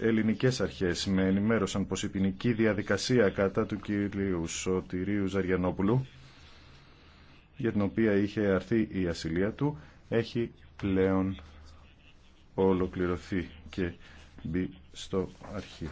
ελληνικές αρχές με ενημέρωσαν πως η ποινική διαδικασία κατά του κυρίου Σωτηρίου Ζαριανόπουλου για την οποία είχε αρθεί η ασυλία του έχει πλέον ολοκληρωθεί και μπει στο αρχείο.